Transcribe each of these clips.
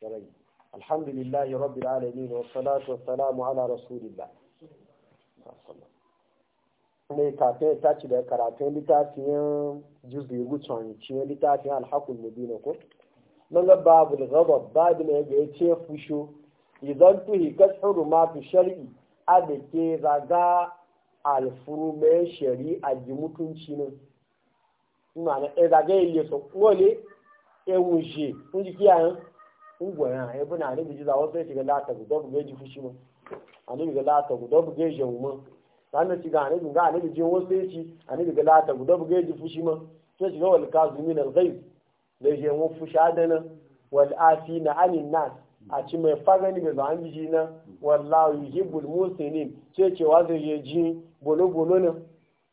شرعي الحمد لله رب العالمين والصلاة والسلام على رسول الله ne ta ci da karatun littafin juzi gutsun cikin littafin alhakul mubina ko nan ga babu ghadab babu ne ga yace fushu idan tuhi kashuru ma fi shari'i a da ke zaga alfuru mai shari'a ji mutunci ne ina na ɗaya zaga yi leso wale ewuje kun ji kiyayen ungoya ya buna ne biji za wasu ya shiga lata guda buga ji fushi mu a biga lata guda buga ji mu mu sannan shiga ne biga a biji wasu ya ci a ne biga lata guda buga ji fushi mu sai shiga wal kazumin al ghaib da je mu fusha da nan wal afina anin nas a ci mai fagani ga zan biji na wallahu yuhibbul muslimin sai ce wa zai je ji bolo bolo ne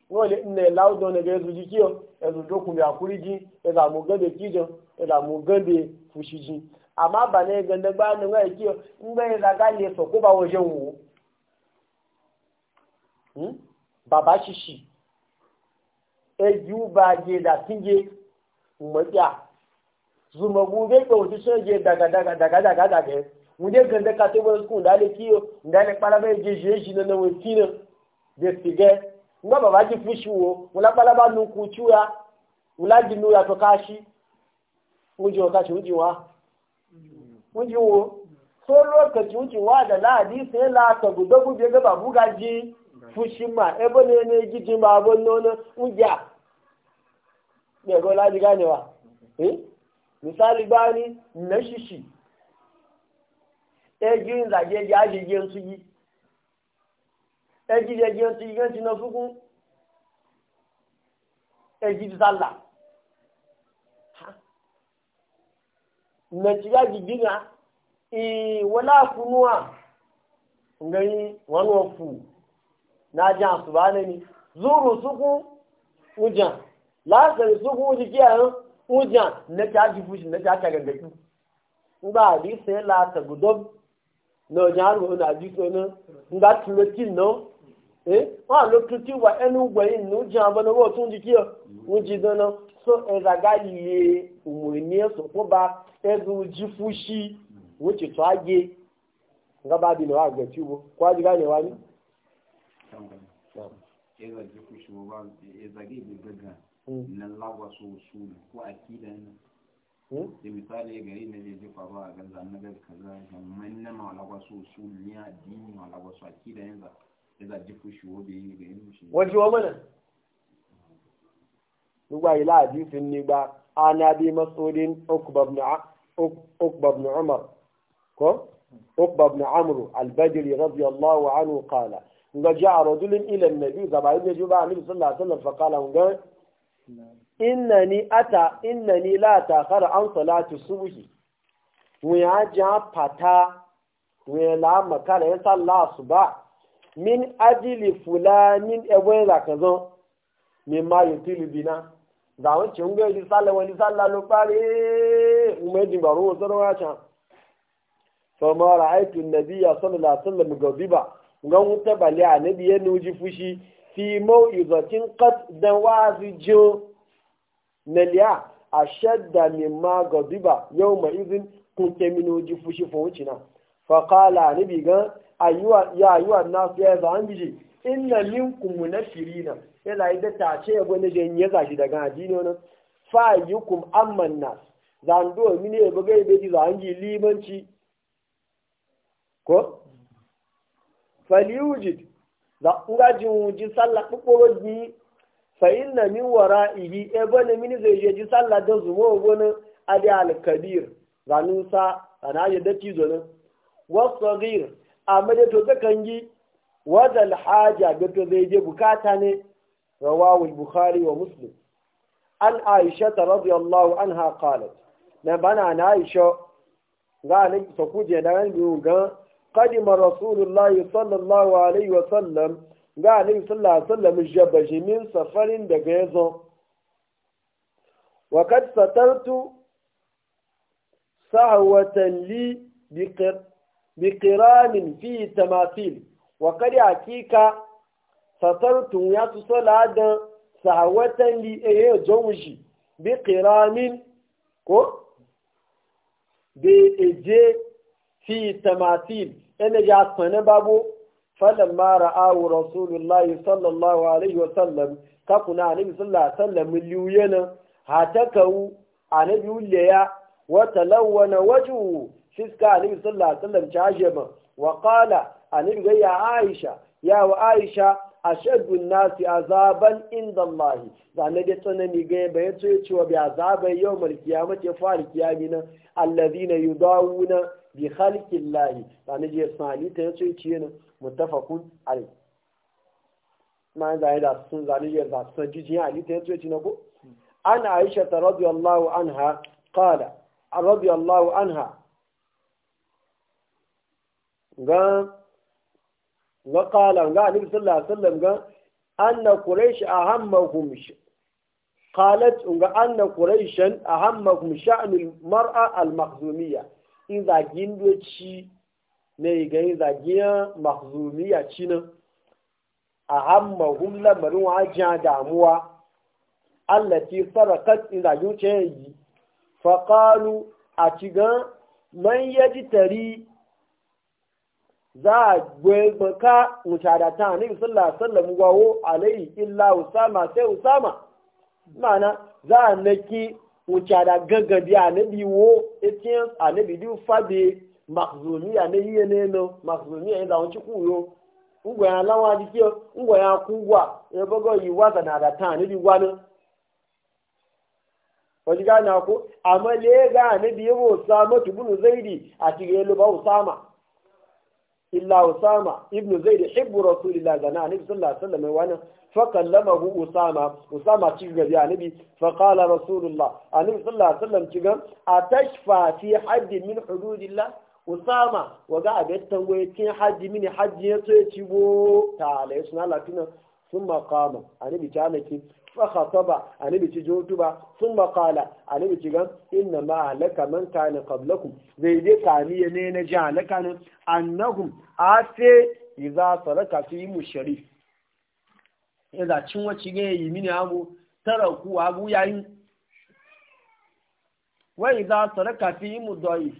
wale ina laudo ne ga yasu ji kiyo dokun ya kuriji ya zamu gabe kijo ya zamu gabe amma e ba ne ganda ga in bai zaga ne so ko ba wajen wu hmm baba e ba je da tinje mutiya zuma ko wuce so je daga daga daga daga daga mu de ganda ka to wani kun dale kiyo dale para bai je je shi na wani tina de sige nga baba ji fushi wo mula para ba nu ku chuya mula jinu nura to kashi mu je kashi mu ji wa mun ji wo so lokaci wuce wa da ladi sai la ta guda gube ga babu gaji fushi ma ebe ne ne gidi ma abun nono uja ne go ladi ganewa eh misali bani na shishi e girin zage e ji su yi e su yi na e zalla na jiga gigiga e wala kunuwa ngani wani wafu na jan su ba ni zuru suku ujan lasar suku jikiya ujan na ta ji fushi na ta ta gangaki ngba bi se la ta gudob no jan ru na ji so na ngba ti no eh wa lo ti wa enu gbe inu jan bo no wo tun jikiya uji so ezagaliye umurniye so ko ba ezu jifushi wuce tsage ga babi na wa gaci kwa ji gane wani eza jifushi ba ezage bi daga nan lagwa so su ko akida ne da misali gari na zai jefa a ganza na ga kaza kamar na malagwa so su ne addini malagwa so akida yanzu eza jifushi wo bai hmm. hmm? yi ga yin mushi wajewa mana lugba ila hadisin ni ba ana bi masudin ukba ibn umar ko ukba amuru albadiri radiyallahu anhu qala ga ja'a ila nabi gaba ibn juba annabi sallallahu alaihi wasallam ata ni la an subhi wuya ja pata wuya la makara ya ba min ajili fulanin e kazo zakazon yutilu bina zawon ce ngai di sallah wani sallah lo pare umma di baro so ro a fa ma ra'aytu an-nabiyya sallallahu alaihi wasallam gadiba ngan wuta bali annabi ya nuji fushi fi mau'izatin qad dawazi jo naliya ashadda mimma gadiba yawma idhin kunte minuji fushi fo wucina fa qala annabi ayuwa ya ayuwa nasu ya zan biji inna minkum munafirina yana yi da tace ya gwani jan ya zashi daga addini wani fa yukum amman nas zando mini ya bugai beji za hangi limanci ko falyujid za urajin wuji sallah kokoro ji fa inna min wara'ihi e bane mini zai je ji sallah da zuwa gwani adi al-kabir zanusa ana yadda zo ne wasu a amma da to zakan yi Wadda haja gato zai je bukata ne rawawul bukhari wa muslim an aisha ta an ha qalat na bana na aisha ga nan ta kuje da ran biyu ga qadima rasulullah sallallahu alaihi wa sallam ga nan sallallahu alaihi wa sallam jabba min safarin daga yazo wa kad satartu sahwatan li biqir biqiramin fi tamathil wa kadi hakika satartun ya su sala da sahawatan li eye jomshi bi qiramin ko bi eje fi tamatil ene ya tsane babu mara ra'ahu rasulullahi sallallahu alaihi wa sallam ka kuna annabi sallallahu alaihi wa sallam a hatakau annabi uliya wa talawwana wajhu fiska annabi sallallahu alaihi wa sallam tajaba wa qala annabi ga ya aisha ya wa aisha ashaddu nasi azaban inda Allah da na da tsanani ga ba ya ce cewa bi azaban yawmal mace fa'al qiyami na alladhina yudawuna bi khalqi Allah da na je sali ta ya ce ne muttafaqun alai ma da da sun zani ya da ta ji ali ta ya ce na ko an aisha ta radiyallahu anha qala radiyallahu anha ga ga kala ga annabi sallallahu alaihi wasallam ga anna quraish qalat ga anna quraish sha'nul mar'a al makhzumiyya in za gindo ne ga nan ahammahum damuwa allati sarakat in a man za a gwelmaka mutadata a nabi sallallahu alaihi wasallam wawo illa usama sai usama mana za a naki mutadata gaggabi a nabi wo etiyan a nabi di fabe makzumiya na iye ne no makzumiya yin zawon cikin yo ngwa lawa jikiyo ngwaya kugwa ya bago yi wata na da ta nabi gwanin wani gana ko amma le ga nabi yabo usama tubunu zaidi a cikin yalo ba usama illa usama ibnu zaid hibbu rasulillah dana annabi sallallahu alaihi wasallam wani kallamahu usama usama ci gabi annabi fa qala rasulullah annabi sallallahu alaihi wasallam ci gam atashfa fi hadd min hududillah usama waga abet tangoye cin haddi min hajji ya to ci bo ta alai suna latina sun maqama annabi ta فخطب أنا جوتبا ثم قال أنا بتجم إنما لك من كان قبلكم زي دي كانية نينا جعلك أنهم آتي إذا صدق في الشريف إذا تشوى تشيغي يمين أبو تركوا أبو يعين وإذا صدق فيهم الضعيف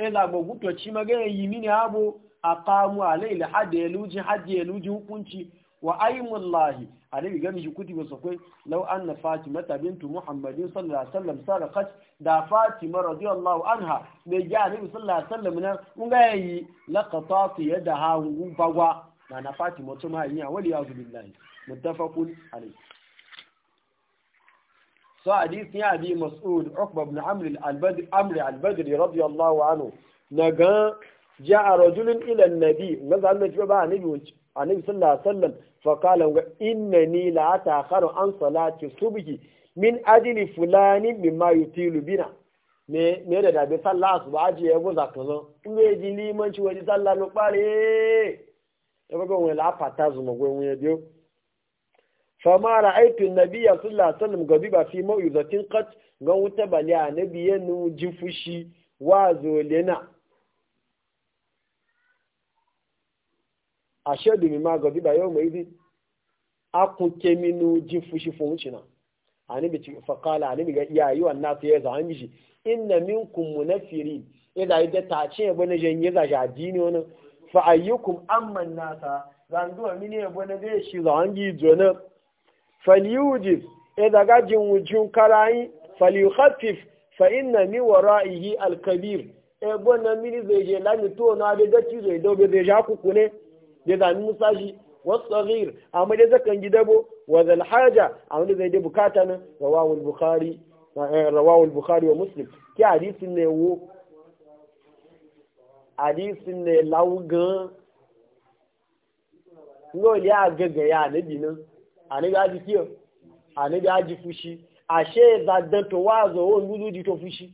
إذا بغوتو تشيما يمين أبو أقاموا عليه لحد يلوجي حد يلوجي hukunci وأيم الله أنا بيجامي يكتب وصفه لو أن فاطمة بنت محمد صلى الله عليه وسلم سرقت دا فاطمة رضي الله عنها نجا النبي صلى الله عليه وسلم من مغاي لقطات يدها وبوا ما نفاتي متما هي ولي عز بالله متفق عليه سو حديث يا ابي مسعود عقبه بن عمرو البدر عمرو البدري رضي الله عنه نجا جاء a rajulun ilan nabi ga zan da ba annabi annabi sallallahu alaihi wasallam fa qala wa an salati subhi min adini fulani bima yutilu me me da dabe sallah su aje ya goza kazo in ga ji limanci wani sallah no pare ya ba gon la zuma gon wani dio fa ma ra'aytu an-nabiyya sallallahu alaihi wasallam gabiba fi mau'izatin qat gon wuta bali annabi yanu jifushi wa zolena ashadu mi ma gadi ba yau mai bi akun keminu jin fushi funci na anibi ci fakala anibi ga iya yi wannan su ya zama mishi inna minkum munafiri ya zai da ta ce ba na jan ya zaga addini wani fa ayyukum amman zan zanduwa mini ya bane zai shi zama bi zona falyujiz ya zaga jin wujun karayi hafif fa inna mi yi alkabir ya e bane mini zai je lami to na da gaci zai dobe zai ja kuku ne da zani musa shi wasagir amma dai zakan gi dabo wa zal haja amma dai zai da bukata nan rawahul bukhari eh, rawahul bukhari wa muslim ki hadisin ne wo hadisin ne lauga ngo ya gaga ya nabi nan anabi aji kiyo anabi aji fushi ashe zadan to wazo won gudu to fushi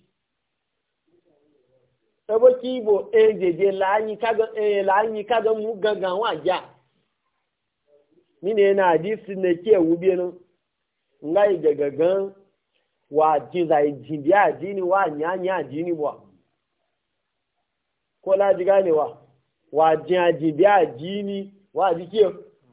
ebe kibo ejeje la'anyi kaga e mu gangan wajen nina yana hadisi na ke wube nan nga ije gangan wa jiza ijindi ni, wa nyanyi ni wa ko laji ganewa wa jin ajindi ni, wa jike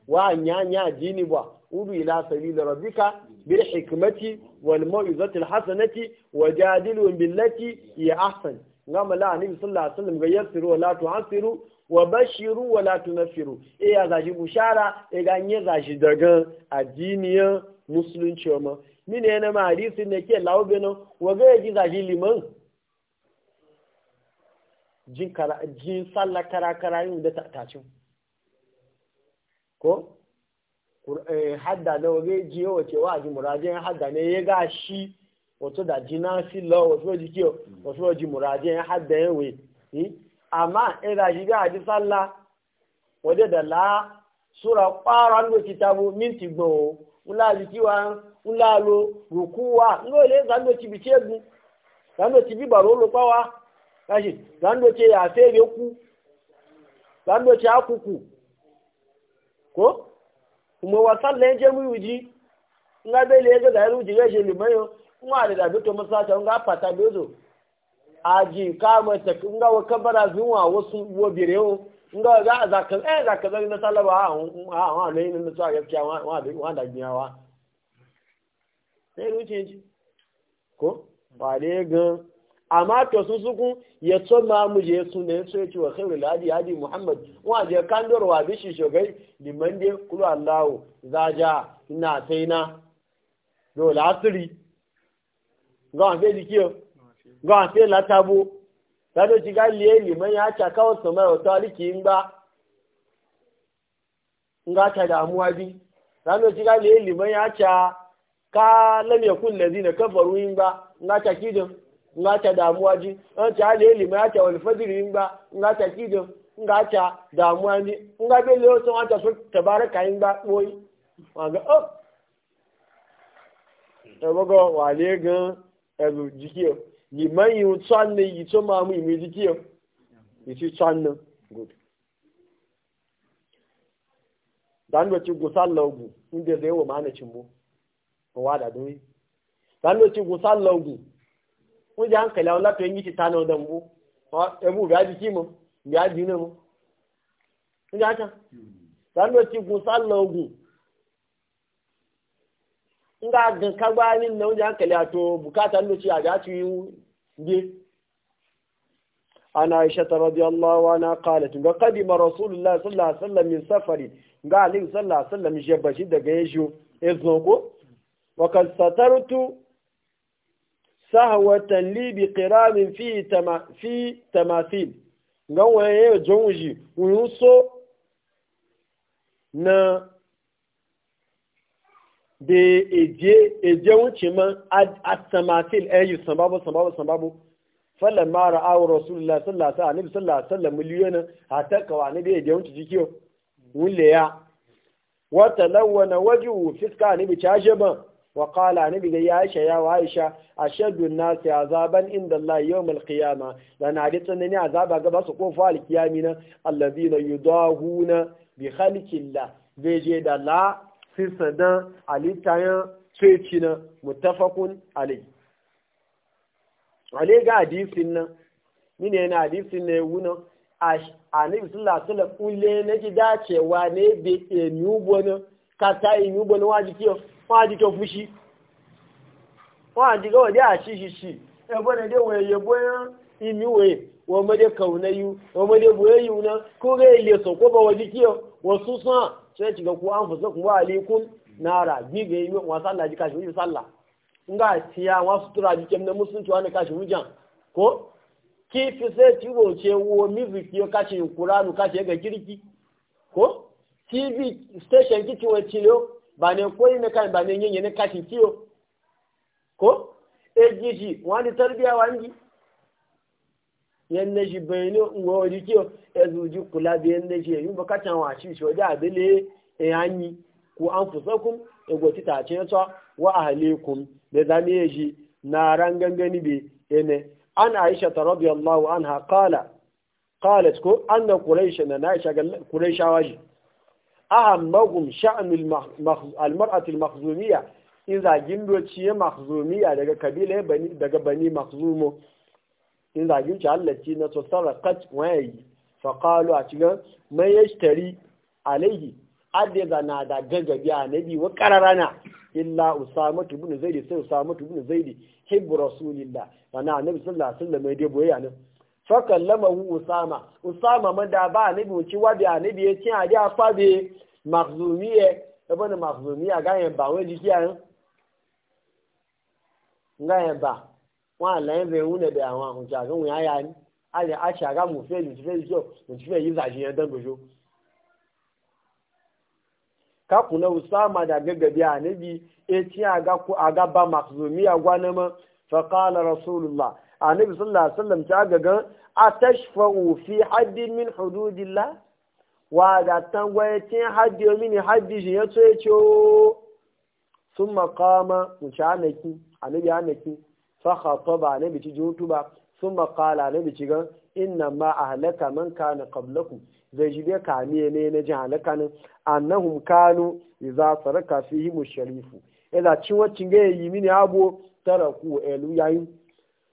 wa nyanyi ajini wa udu ila sabila rabbika bil hikmati wal mau'izati al hasanati wajadilhum billati hiya ahsan ngama la annabi sallallahu alaihi wasallam ga yasiru wala tu'siru wa bashiru wala tunfiru e ya zaji bushara e ga nye zaji daga addiniya musulunci ma ne na ma hadisi ne ke laube no wa ga ji zaji liman jin kara jin sallah kara kara yin da tacin ko eh, hadda da wa ga ji yawa wa ji murajin hadda ne ya ga shi wato da ji na fi lọ wasu waji kiyo wasu waji muraje ya hadda ya we amma in da ji ga ji sallah wadda da la sura kwara ndo kitabu minti gbo ula ji kiwa ula lo rukuwa ngo le za ndo ti biche gu za ndo ti bibaro lo pawa kashi za ndo ti ya fe ku za ndo akuku ko kuma wasan lenje mu yuji nga bele ga da ruji ga je limayo kuma da dabi to musa ta nga fata bezo aji kama ta nga wa kabara zuwa wasu wo birewo nga ga za ka eh za ka zani na salaba ha ha ha ne ne na gaskiya wa da wa da giyawa sai ruce ji ko ba dai ga amma to sun suku ya so ma mu je su ne so yace wa khairul hadi hadi muhammad wa je kan dorwa bishi shogai liman dai kullu allah za ja ina sai na dole asiri gan fe dikiyo gan fe latabu tado ti ga liye liman ya ta kawo wata aliki in ba ga damuwa bi tado ti ga liye liman ya ka lam yakun lazina kafaru in ba in ga ta kidin ga ta ji an ta liye liman ya acha wal fajr ba in ga ta ga damuwa ji ẹ̀rù jíkíọ̀ yi yìí ń yi ní yìí tó máa mú ìmú jíkíọ̀ yìí ti tán ní gòdì. dánúwẹ̀tì gùsà lọ́gù ń dẹ̀sẹ̀ wọ̀ máa nẹ̀tì mbó ọwọ́ àdàdún yìí dánúwẹ̀tì gùsà lọ́gù ń jẹ́ àǹkẹ̀lẹ̀ àwọn látọ̀ yi ti tán ní ọ̀dọ̀ mbó ẹ̀bù ìgbà jí kí mọ̀ ìgbà jí náà mọ̀ ń jẹ́ àkàn dánúwẹ̀tì gùsà lọ́gù nga gan kagba ni na oúnjẹ àkẹlẹ àtò bùkátà ló ti àjá ti gbé ana aisha ta rabi allah wa na kala tun ga kadima rasulullah sallallahu alaihi wasallam min safari ga Ali sallallahu alaihi wasallam je bashi daga yesho ezon ko wa kad satartu sahwatan li bi qiramin fi tama fi tamathil ga waye jonji wuso na da eje wuce man atamatil ayu eh, sambabu sambabu sambabu fallan mara aw rasulullah sallallahu alaihi wasallam sallallahu alaihi wasallam miliyonan hatta kawa ne da eje wuce jikiyo wulle ya wa talawana wajhu fiska ne bi caje wa qala ne bi ya aisha ya wa aisha ashadu an-nas azaban inda Allah yawm al-qiyamah dan adi tsanani azaba ga su kofa al-qiyamina alladhina yudahuna bi khalqillah beje da la sisadan alitayan tsoci na mutafakun alai alai ga hadisin nan mine yana hadisin na ewu nan a nabi sallallahu alaihi kule na ji dacewa ne be enyubo na kata enyubo na waji kiyo waji kiyo fushi waji ga wadi a shi shi shi ebo na dai waye yebo ya imi waye wa made kaunayu wa made yi yuna ko ga ile so ko ba waji kiyo wasu san sai shiga kuwa an fusa kuma alaikum nara gibe yi wa sallah ji kashi wujen sallah nga ga tiya wasu tura jikin na musulunci wani kashi wujen ko kifi sai ciwo ce wo miziki ya kashi kuranu kashi ga kirki ko tv station kici wa ciyo ba ne koyi na kan ba ne yin yana kashi ciyo ko ejiji wani tarbiya wani yanne na shi bayani unwa waje kiyo ya zuji kula da yan shi yayin bukatan wa shi shi waje abele ya e hanyi ku an fusa kun ya e ta ce ta wa ahalikum da zame ya shi na ran gangani be ene an aisha ta radiyallahu anha qala qalat ko anna quraish na aisha quraishawa ji ahammahum sha'nul al-mar'ati al in zagin dociye makhzumiyya daga kabila daga bani makhzumo in zagin ci na sarakat wayayi faƙalu a cikin mai tari alaihi na da gaggabi a nabi wa náà illa usama tubun zaidi sai usama tubun zaidi hibbu rasulillah wana annabi sallallahu alaihi wasallam man ba wa da annabi a da fa be makhzumiye ibn makhzumiya ba wọn àlẹ́ bẹ wúnẹ̀ bẹ àwọn àkùnjẹ àgbẹ̀wò yẹn ayá ni ayé àṣẹ àgàmù fẹ́ lù fẹ́ yíṣọ́ lù fẹ́ yí zàṣìyàn dán gbèsò. kakuna usama da gaggabi a nabi eti aga ba maksumi a ne ma faƙala rasulullah a nabi sallallahu alaihi wasallam ta gaga a tashfa'u fi haddin min hududillah wa da tangwaye tin haddi mini haddi shi ya tsoye ciwo sun makama mu ci anaki annabi anaki فخطب نبي na ثم قال نبي جان إنما أهلك man كان Kablaku zai jide ka kame ne na jin halaka nan annahum kanu idza saraka fihi musharifu idza cin waccin ga yi mini abo taraku elu yayin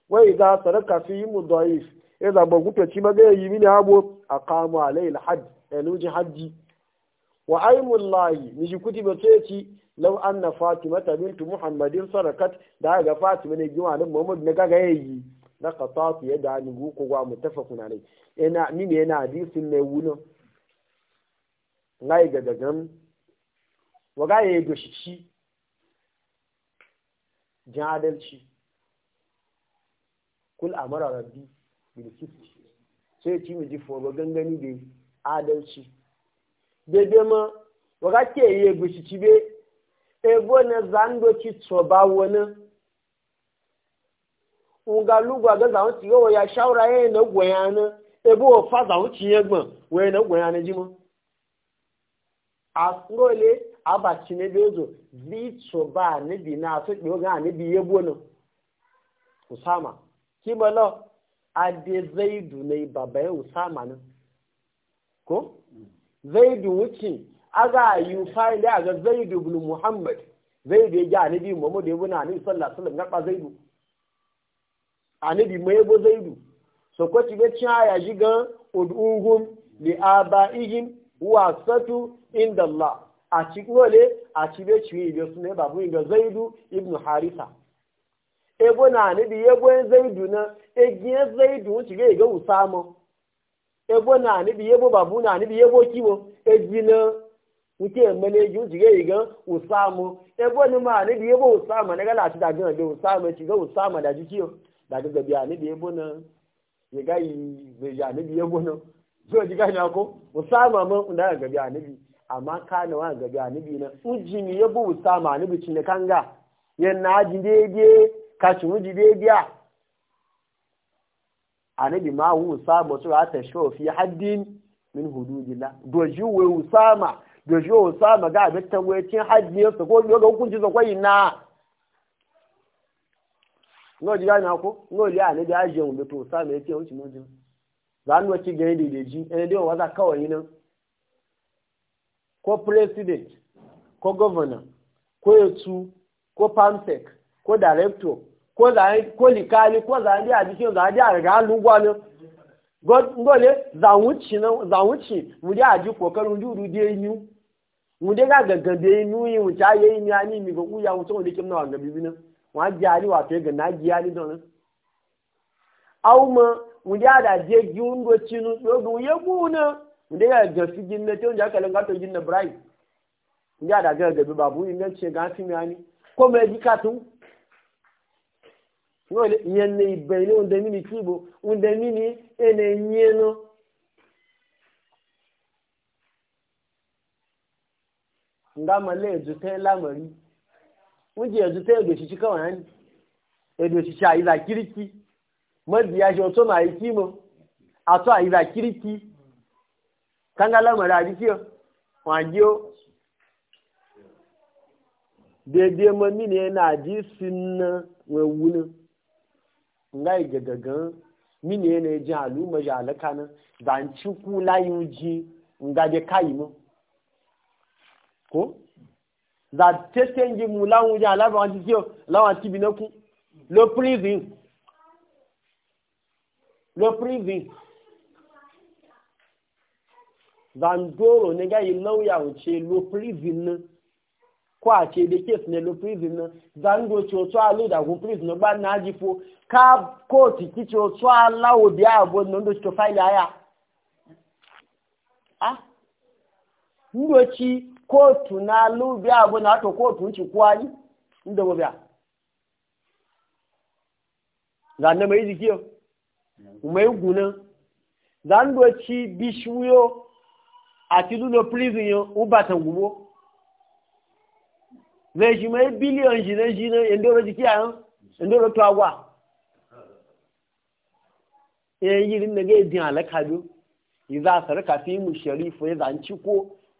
wa idza saraka fihi mudaif idza ba gutu ci ma ga yi mini abu aqamu alai alhajj elu ji hajji wa aimullahi ni ji kutiba sai ci lau an na fatima ta bintu muhammadin sarakat da ga fatima ne jima nan muhammadu na gaga yayi na qatatu yada ni gu ko wa mutafakun alai ina ni ne yana hadisin ne wuno ngai ga gagan waga yayi goshi ci jadalci kul amara rabbi bil qisti sai ci mu ji fo gangani da adalci daidai ma wa waga ke yayi goshi ci be ebo na zando ci tsoba wani nga lugwa ga zawon ya yo ya shawra e ye na gwaya na ebo o fa zawon ci ye gbon we na gwaya na jimo asrole aba ci ne bezo zi tsoba ne bi na so bi ga ne bi yebo na usama kimalo ade zaidu ne baba usama na ko mm. zaidu wuce aga yi fayin da ga zaidu ibn muhammad zaidu ya ji anabi muhammad ya na anabi sallallahu alaihi wasallam garba zaidu anabi mai bo zaidu so ko ci ga ya ji ga ud'uhum li abaihim wa satu inda allah a ci wole a ci be ci be su ne babu inda zaidu ibn harisa Ebo na anabi ya bo zaidu na e zaidu ci ga ga usama Ebo na anabi ya babu na anabi ya bo kiwo ejina. nke meleji uche ga eyiga usamu ebe onye ma ni bi ebe usama na gala ati dagan de usama ti ga usama da jiki da ga bi ani bi ebo na ye ga yi be ya ni na so ji ga na ko usama mo da ga bi ani bi ka na wa ga bi ani bi na uji ni ebo usama ani bi nga ya na ji de ebie ka chu ji de de a ani bi ma wu usama to ata shofi haddin min hududillah doji we usama da shi o a bitan ga hukunci sa kwayi na no ji gani ako no li ane da ajiyan wanda to mojin za da ji eh, da kawai yi nan ko president ko governor ko yatsu ko pamsec ko director likali ko a jikin a ga lugwa ne mu da wunde ga gaggade nuyi wuce aye ni ani mi gogu ya wuce wunde bi bi na. wa ali, wa fe ga na ji jari don aw ma wunde ada je giundo chinu dogu ye guna wunde ga ga sigin na te, to jaka langa to jinna brai wunde ada ga ga babu ingan ce ga timi ani ko me dikatu no le yenne ibele wunde mini kibo wunde mini ene nyeno nga male ezute lamari wunji ezute edochichi kawai hanyi edochichi ayiza kiriki mabi ya shoto na aiki mo ato ayiza kiriki kanga lamari adikiyo wajiyo daidai mami ne yana ji sinna wewuna nga igagagan mini yana ji ma ji alaka na nan zanci kula yi ji nga de kayi mo ko za tẹ́tẹ́ yìí mú láwọn oúnjẹ alábàwọn ti kíọ láwọn àti ibi náà kú ló prison ló ne ga yi lauya wuce lo prison nan ko a ce da case ne lo prison nan zango ce otu alo da kun prison ba na ji fo ka kotu ki ce otu alawo kotu na lubi abu na to kotu nci kwani inda mu biya zanne mai jikiyo mai guna zan do ci bishuyo àti lúlọ prison yẹn ó bá tàn gbogbo vẹ́ṣùmọ́ bílíọ̀n jìnà jìnà ẹ̀ndọ́rọ̀ jí kí àrùn ẹ̀ndọ́rọ̀ tó àwà ẹ̀yìn yìí alaka ìdín yi za àsàrẹ́kà fi mú ṣẹ̀rí fún ìzà ń ko.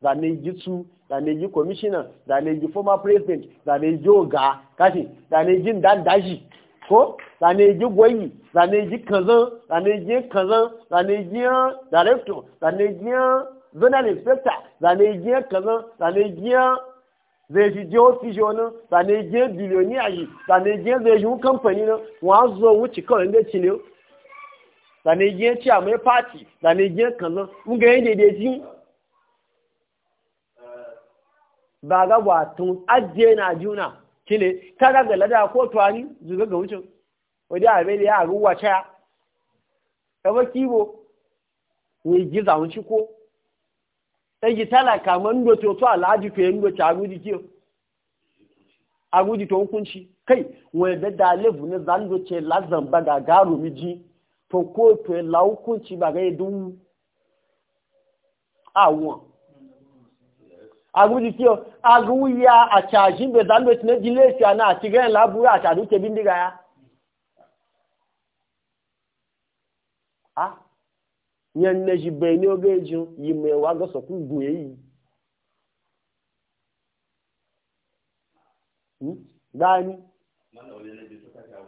zane su zane ji commissioner zane ji former president zane ji oga kashi zane ji dandaji ko zane ji gwayi zane ji kazan zane ji kazan zane ji director zane ji zonal inspector zane ji kazan zane ji zai ji je ofishi wani zane ji biliyoniya yi zane ji zai shi kamfani na wa zo wuce kawai da cile zane ji ci a mai party zane ji kazan mun ga yadda daidai ba ga b'a tun ajiye na juna kile ka ga ga lada ko tuwani zuga ga wucin wadda a bai da ya ruwa caya ba kibo ne giza wuci ko ta ji talaka man doto to alhaji fiye yin ci agudi kiyo agudi to hukunci kai wadda da lebu ne zan ce lazan ba ga garo miji to ko to la hukunci ba ga yi dun awon aguji kiyo aguya a cajin bai zanu tun ji lefiya na a cigayen labura a cajin ke bindiga ya a yan na ji bai ne oge jin yi mai waga sa ku goye yi hmm? gbani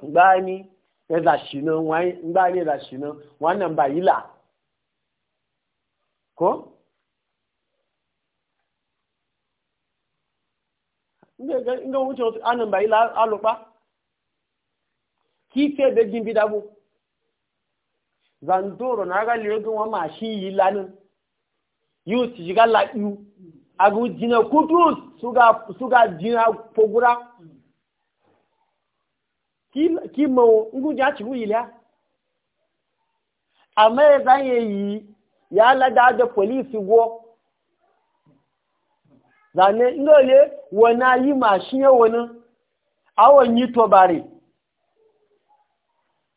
gbani ya e zashi nan wani gbani ya e zashi nan wannan ba yi la ko nga wuce wasu anan bai alupa kike da jin bidabu zandoro na ga liyo gun wa ma shi yi lanin yu ti ga la yu agu jina kudu su suga jina pogura ki ki mo ngu ja chi bu ila amma e zan yi ya la da da police go zane ngole wana yi mashin ya wani awon yi tobare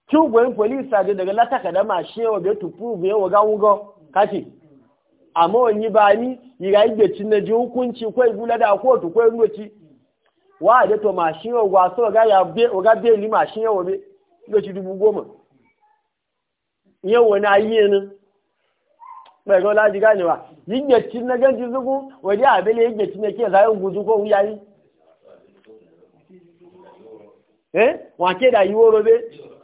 kyugwen polisa da daga lataka da mashin yawa bai tupu bai yawa gawugo kashi amma wani ba ni yi ga igbeci na ji hukunci kwai gula da kotu kwai ngoci wa da to mashin yawa wasu ga ya be ga be li mashin yawa be ngoci dubu goma yawa na yi yanin bai ga laji ganewa yigeci na ganci zugu waje abele yigeci ne ke zayin guzu ko wuyayi eh wake da yi woro be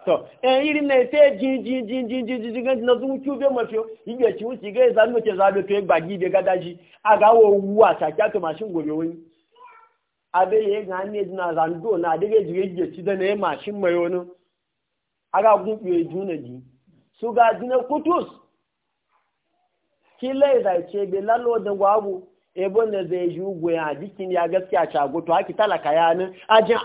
to eh irin ne te jin jin jin jin jin jin ganci na zugu ki be mafiyo yigeci wuci ga zan mace zabe to gbagi be gadaji aga wo wuwa ta kya to mashin gobe wani abele ye ga ne na zando na dige yigeci da yi mashin mai wani? aga gun biye juna ji su ga jina kutus kila da ce lalo da ebo na zai ji ugwe ya jikin ya gaskiya cago to haki talaka ya nan aja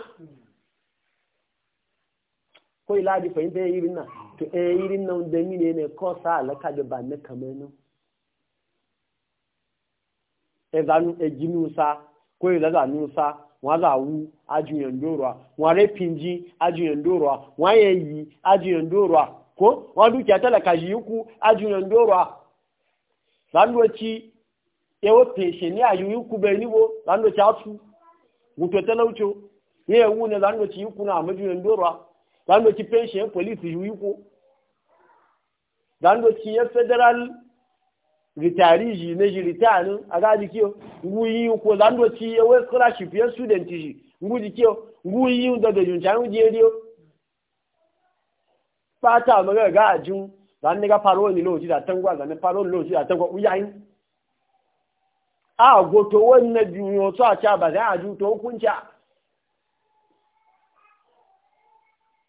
ko fahimta ya yi nan to eh irin da ne ko alaka da ba na kamar nan e zanu e jinusa ko ila zanusa wọn là wú ajiyàn dòrò a wọn pinji wọn yẹ wọn landoci yawo peshe ni a yiwu kube nibo landoci asu wuto talauco ya yawu ne landoci yi kuna a majiyoyin dorwa landoci peshe ya polisi yiwu ko landoci ya federal ritari ji na ji ritarin a gaji ngu yi ko landoci ya wai scholarship ya student ji ngu ji kiyo ngu yi da da juncan jeriyo fata magana ga ajin zan ga faro ni lo ji da tangwa zan faro lo ji da tangwa uyayin a goto wannan biyo to a cha ba da aju to kunja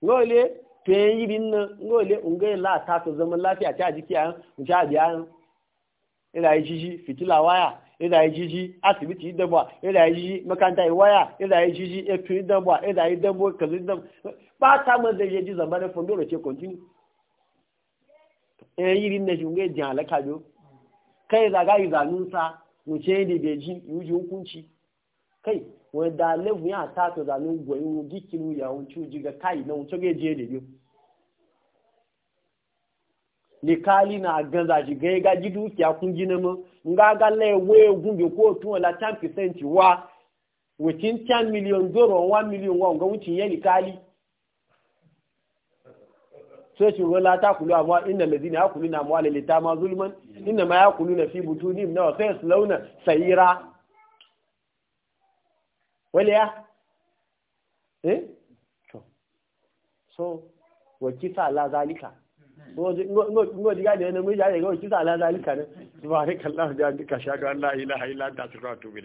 ngole to yi bin ngole unga la ta to zaman lafiya ta jiki an ja biya ina e yi jiji fitila waya ina e yi jiji asibiti yi ina e yi jiji makanta waya ina yi jiji etu yi dabwa ila yi dabwa kazi dabwa ba ta mun da yaji zamanin fundoro ce continue ɗaya yiri na shi ngai jin halaka kai zaga yi zanunsa mu beji da bai ji yuji kai wani da lebu ya ta to zanun goyi mu gikilu ya wuce ga kai na wuce gai je da likali na ganza shi gai gaji dukiya kun gina mu nga ga lewe egun bi ko otu la 10% wa within 10 million doro 1 million wa nga wuce yalikali likali sai shi wala ta kulu amma innal ladina yakuluna lita ma zulman inna ma yakuluna fi butunihim nawa sai launa sayira ya eh to so wa kisa la zalika ngo diga ne mun ya ga kisa la zalika ne subhanakallah da duka shaka la ilaha illa anta astaghfiruka